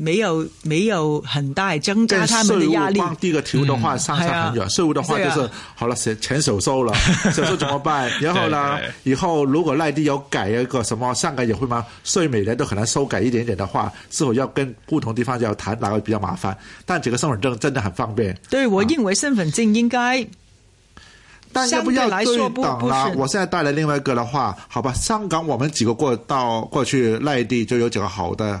沒有沒有很大增加他們的壓力。啲個調的話相差、嗯、很遠、嗯，稅務的話就是，啊、好了，錢少收了。少 收怎麼辦？然後呢，對對對以後如果內地有改一個什麼，香港也會嗎？稅每年都可能修改一點點的話，是否要跟不同地方要談，哪個比較麻煩。但這個身份證真的很方便。對我，、啊、我認為身份證應該，但要不要了來說不。等啦？我現在帶來另外一個的話，好吧，香港我們幾個過到過去內地就有幾個好的。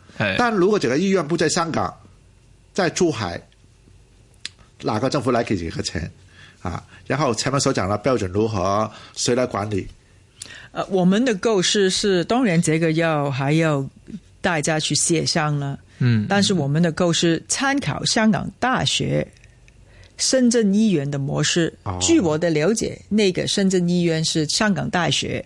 但如果這個醫院不在香港，在珠海，哪個政府來給幾個錢啊？然後前面所講的標準如何，誰來管理？呃，我們的構思是，當然這個要還要大家去協商了。嗯，但是我們的構思參考香港大學深圳醫院的模式。哦。據我的了解，那個深圳醫院是香港大學。